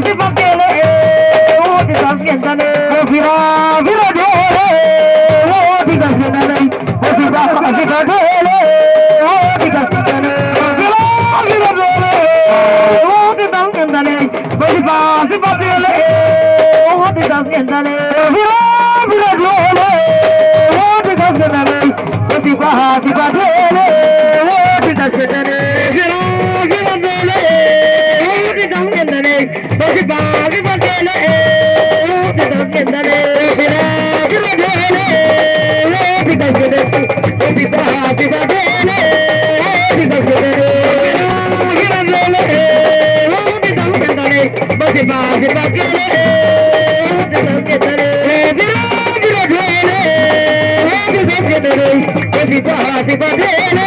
కాఫీ పంపేలే ఓటి కాఫీ ఎంతనే ఫిరా విరదేలే ఓటి కాఫీ ఎంతనే ఫిరా విరదేలే ఓటి కాఫీ ఎంతనే ఫిరా విరదేలే ఓటి కాఫీ ఎంతనే బడి కాఫీ పంపేలే ఓటి కాఫీ ఎంతనే ఫిరా విరదేలే ఓటి కాఫీ ఎంతనే సిపా సిపా దేలే ఓటి కాఫీ ఎంతనే सिराज बदले पिता सिंदले सिराज बदले पिता सिंदले पिता हासी बदले पिता सिंदले सिराज बदले पिता सिंदले बसी बासी बदले पिता सिंदले सिराज बदले पिता सिंदले बसी बासी बदले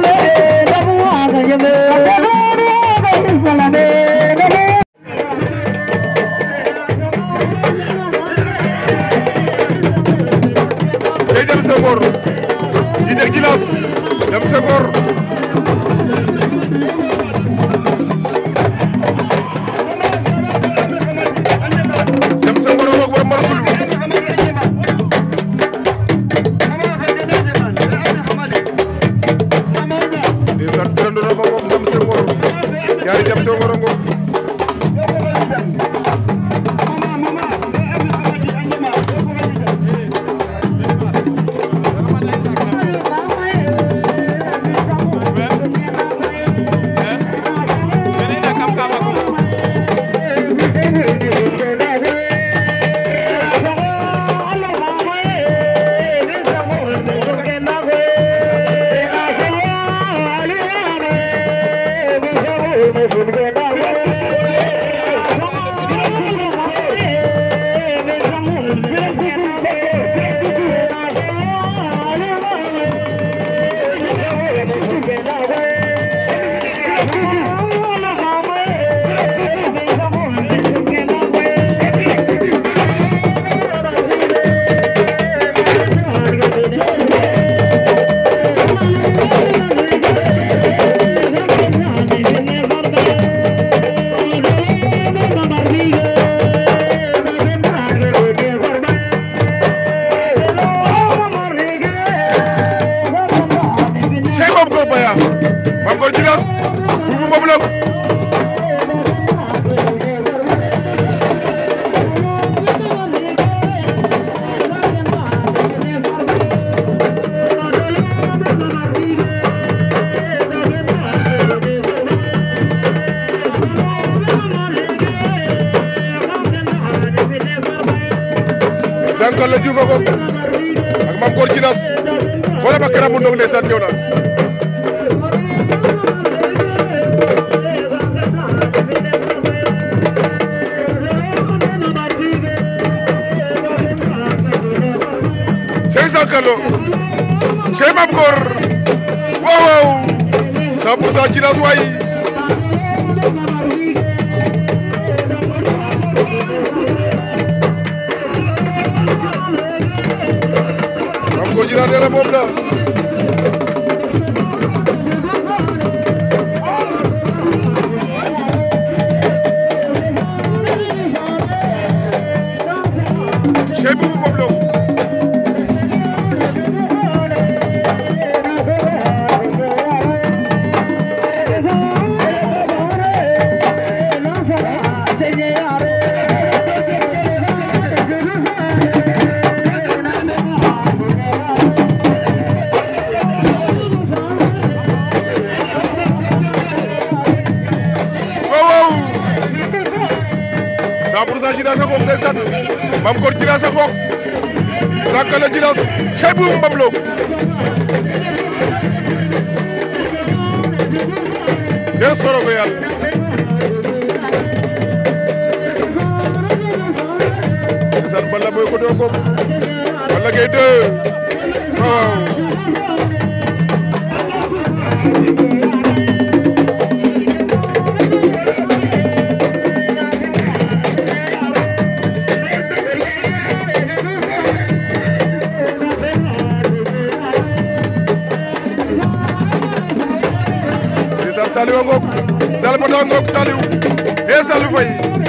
Balla Diouf a ngoog ak Mame Gor Djinas xoolal ma ñëw na Gor 100 bom Bobra. Moussa Djilas a ngoog ndeysaan Mame Gor Djilas a ngoog Pakala Djilas cey bu Mbam Lo des korogo yàlla ndeysaan Balla Boy Godo a ngoog Balla Gaye 2 waaw Pata ngoog Saliou e Saliou Faye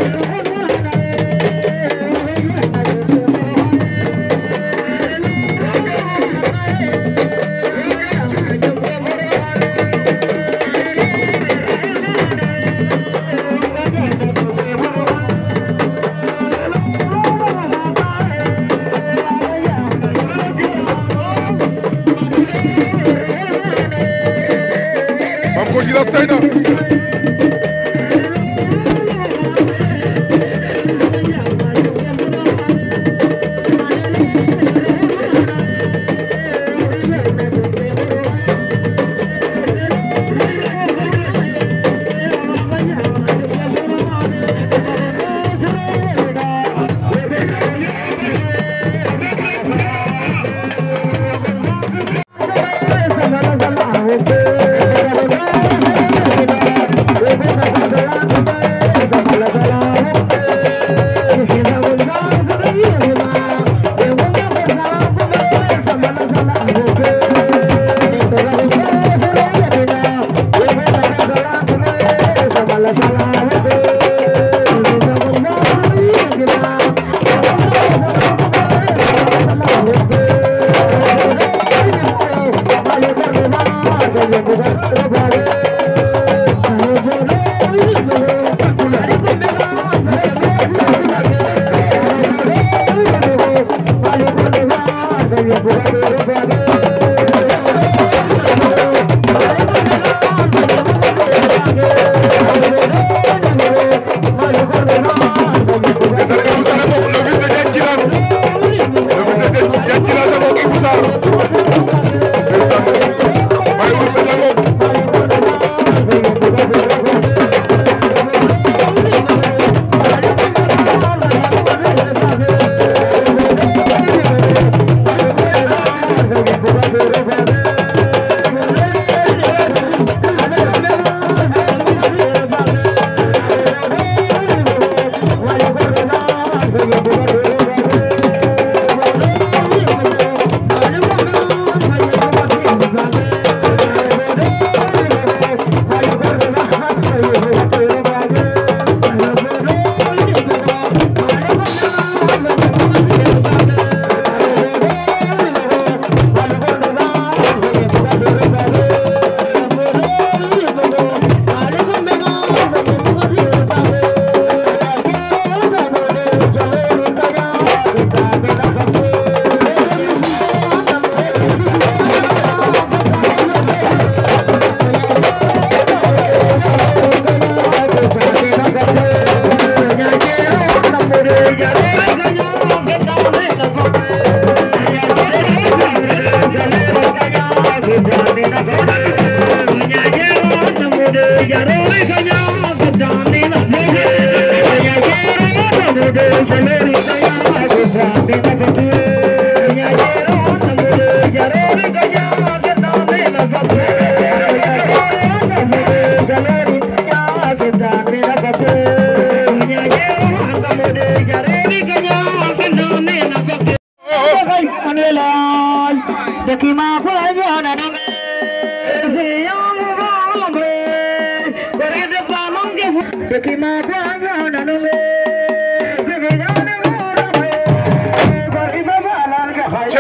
cey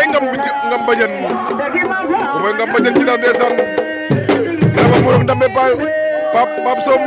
ngam ngam bajan mooy ngam bajan ci daan ndeysaan dama borom dambe pap pap som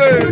করে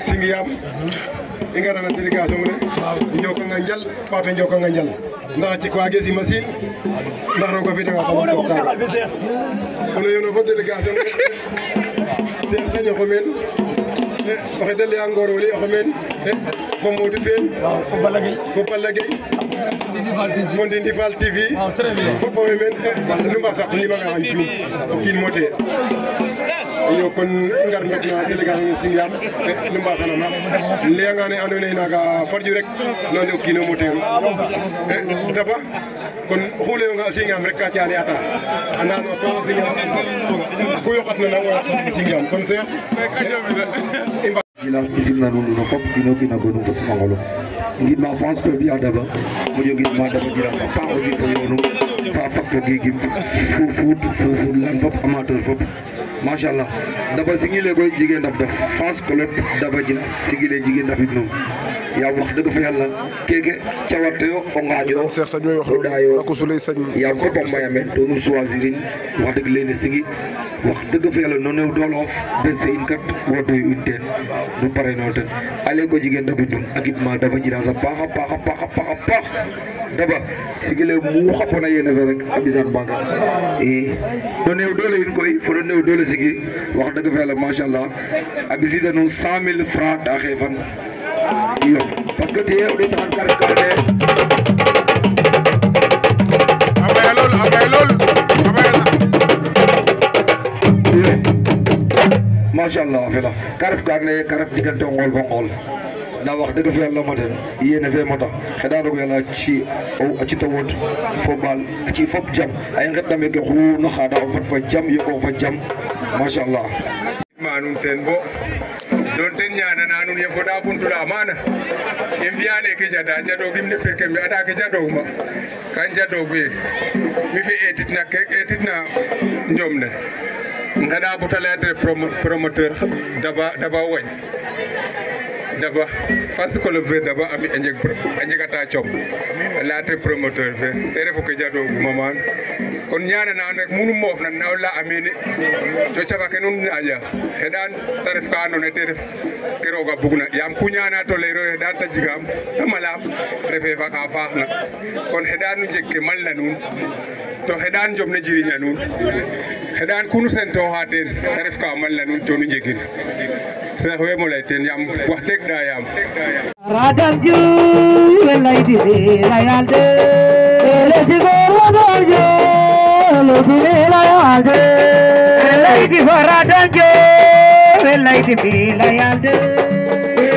Singiyaam i ngarana délégation mu ne njokanga njal ɓaato njokanga njal ndax cik waage sima siin ndax roog a fedewa xama toog taaga ono fo délégation Cheikh eh, eh, fo Modou Sene fo Balla Gueye Fondi Ndifal TV foppame men nu mba sartu yima nga xan cuum o kiin mote iyo kon ngar ndok na délégation ne Sindian nu mbaasana ma layanga ne andoona yee naaga farju rek nande o kiin o moteeru daba ah, eh, kon oxu layonga a Sindian rek ka caale ata a naan a paax Sindian ku yoqatna nang o yaq Sindian kon Cheikh lasgisi nanuun no fop a gonum fo simanqolum ngidma koy mbiya Daba Daba Djilass a paax aussi fo yoonum fa fak fo giegim fo fuud fo fuud lan fop amateur fop machallah Daba singile koy jege ndab daf France kolep Daba Djilass singile jege ndabid nuun yaw wax dëgg fa yàlla keke cawarte yo o ngaaƴo o ɗaayo yaam fop a maya meen to nu choisir in wax dëgg fa yàlla no neew dooloof bes fe in kat wadoy in teen nu parenoyo ten a ley ko jigéen Daba Diouf a gidma Daba a paax a paax a paax a Daba sigi le mu xapoona yeene fe rek a ɓisaan maaga i e, no neew doole in koy fo no neew doole sigi wax dëgg fa yàlla macha allah a ɓisiida nuun cent mille francs ta xeefan iyo parce que tiye o ɗeeta xan ka ref ka ando naye a lool a lool a maya iyo machallah a fela ka ref ka ando naye ka ref digante o ngool fo ngool nda wax dëgg fa yàlla maten yéene fe mata xeɗa roog yàlla ci a cita fo baal a ci fop jam a i ngetna meke xu no xaada o fa jam yoqoox fa jam machallah ma nuun teen bo don ten ñana nanun ye foɗa buntula mana ye mbiyane ke jada jadogimne perke mi aɗa ke jadowma kan jadoguye mi fi etitna etitna jomne gaɗa butalayatere promoteur daba daba wañ d'abord first ko leve d'abord ami e jeg e jegata coom leyate promoteur fe te refu ke jadoguma maan kon ñananaan rek munu moof nan na o leya amini to cafa ke nuun ñaƴa xeɗan te ref ka andoona yee te ref ke rooga bugna yaam ku ñaana to leyro xeɗan te jigaam te malaam refee fa ka faaxna kon xeɗan nu jeg ke malna nuun to xeɗan jom ne jiriña nuun heɗan kunu sento ha ten te ref ka malla nuun coonu njegin sax we mo ley ten yaam wax deg ɗa yaam radam Diouf we leydi layal de ele sigo radam Diouf lodi layal de leydi fo radam Diouf we leydi fi layal de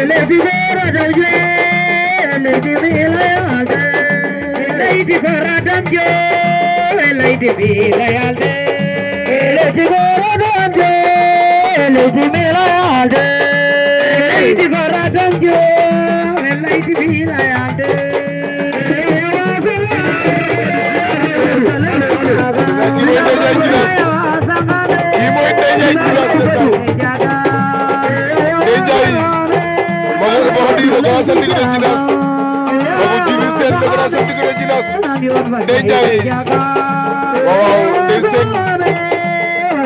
ele sigo radam Diouf lodi layal de leydi fo radam Diouf we leydi fi layal de ಗೋರದಂಜೆ ಎಲೈತಿ ಮೇಲಾಡೆ ಎಲೈತಿ ಗೋರದಂಜೆ ಎಲೈತಿ ಮೇಲಾಡೆ Jilas, babu jilis sen dogora sen dogora jilas, denjai, wow, desen,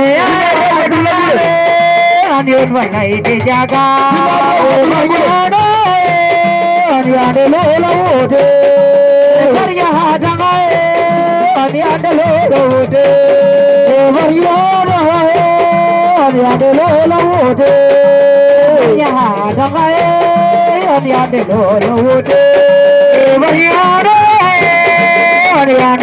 onion बनाई दे भैया रहे अनियान भैया रहे अनियान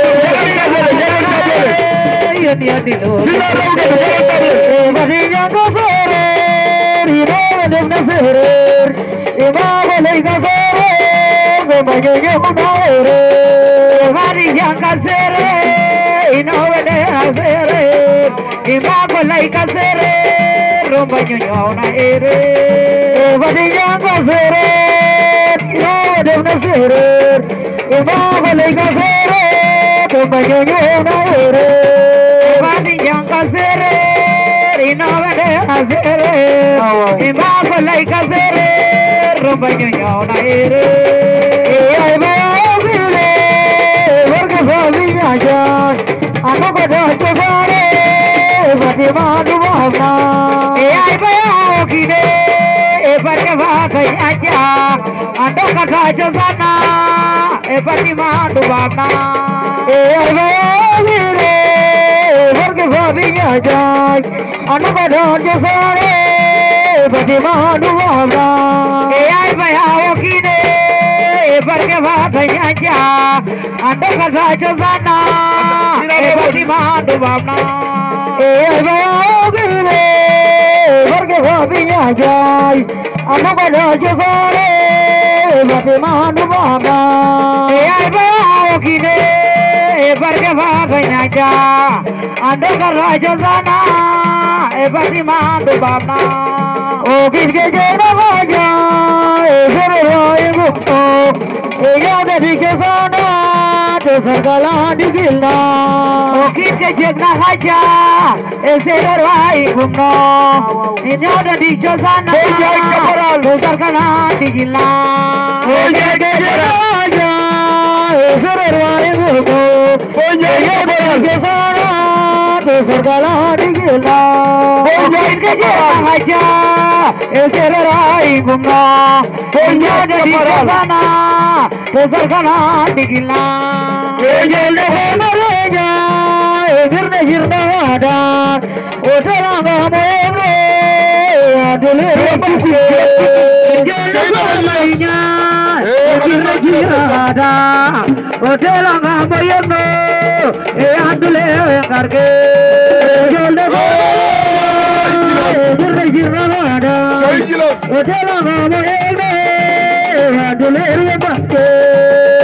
dia dilu Mahiya gazorer Irava devna zehrer Imava lay gazorer Mahiya munaorer Mahiya gazorer Inova de azerer Imava lay gazorer Romanyona ere Badiyan kazere, rinovere kazere, imabulay kazere, rubanyo yona ere. Ay bayo zile, urga zobi yajan, anoko docho zare, batimanu vahna. Ay bayo kine, barke vahay aja, anoko docho zana, batimanu vahna. Ay bayo zile, जाए जाय अनुबधान जो सारे बदिमान वावा आई बयाओ की ने जा अंडो जो साना ए बदिमान ए आई बयाओ की ने पर के भाविया जाय अनुबधान आई बयाओ की एबारगे बाबैनाजा आंदोगर राजोजाना एबारनि मादो बाबना ओ गिगे गेनो बाजा एबोर रोय गुक्तो एया देबिके जाना तेसरगला दिगिलना ओ गिगे जेगना हाजा एसेर रोय गुक्तो निन्यो देबिके जाना तेसरगला दिगिलना ओ गिगे जेगना Oh, ejirada otela ngambo yeno eyandule engarge ejirada otela ngambo yeno eyandule engarge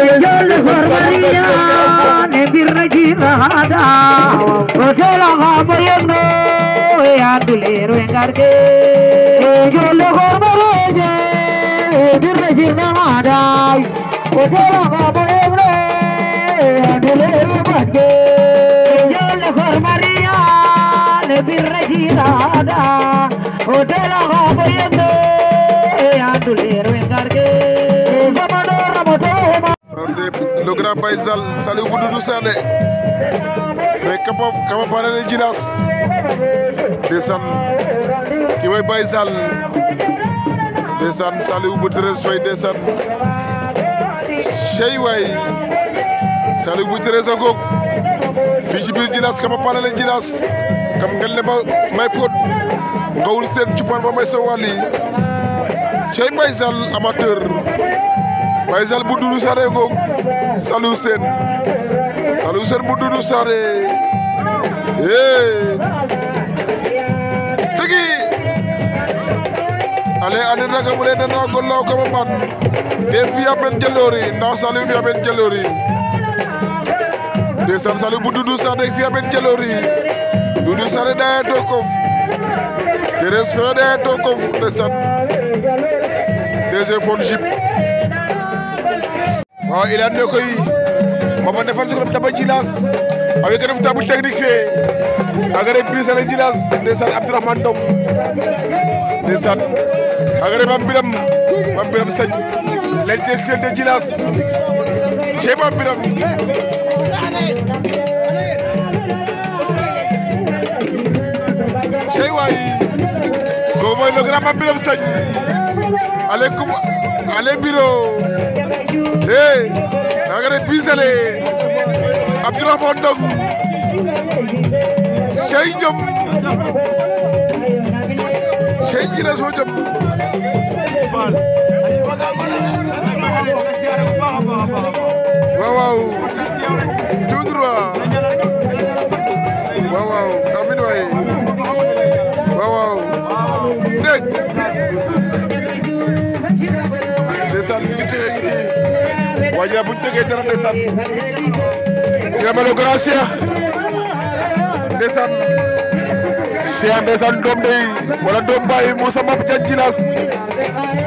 ejirada farmaria ejirada otela ngambo yeno eyandule engarge ejirada farmaria Odirme jinamada, odela babo egre, adele bage. Yo le cor María, le birre jinada, salut ndeysaan Saliou bu Thérèse Faye ndeysaan cey waay Saliou bu Thérèse a ngoog fii ci biir Djilass kama panale Djilass kam ngel ne ma may pot ngawul seen cupan ba may so wàlli cey Baye Zal amateur Baye Zal bu Doudou Saré ngoog Saliou Sène bu Doudou Saré é ande andi na ka ɓure neno gollaw kama ɓan te fiya ɓen jaloori ndax saliw fiya ɓen jaloori ndeysaan saliw bu dudu sade fiya ɓen jaloori dudu sade ɗaya to kof teres fe ɗaya to kof ndeysaan DG fon jip waaw ah, i leyaan ne koy mama ndefar sukram daba jilas avec le table technique fait avec le plus à l'agilage des salles Abdurrahman Dom des salles agare Mame Birame Mame Birame Sadji l'intellectuel de Djilas cey Mame Birame cey waay kooku mooy le grand Mame Birame Sadji aleykum ale biro e agare bisale Abdourahmane Ndong cey Njom sey ji na waaw waaw waaw waaw amin waay waaw waaw dégg ndeysaan bi tege gi nii waa buñ tegee dara ndeysaan jërëjëf grand cheikh Cheikh ndeysaan doom day wala doom bàyyi Moussa Mab Diagne Djilass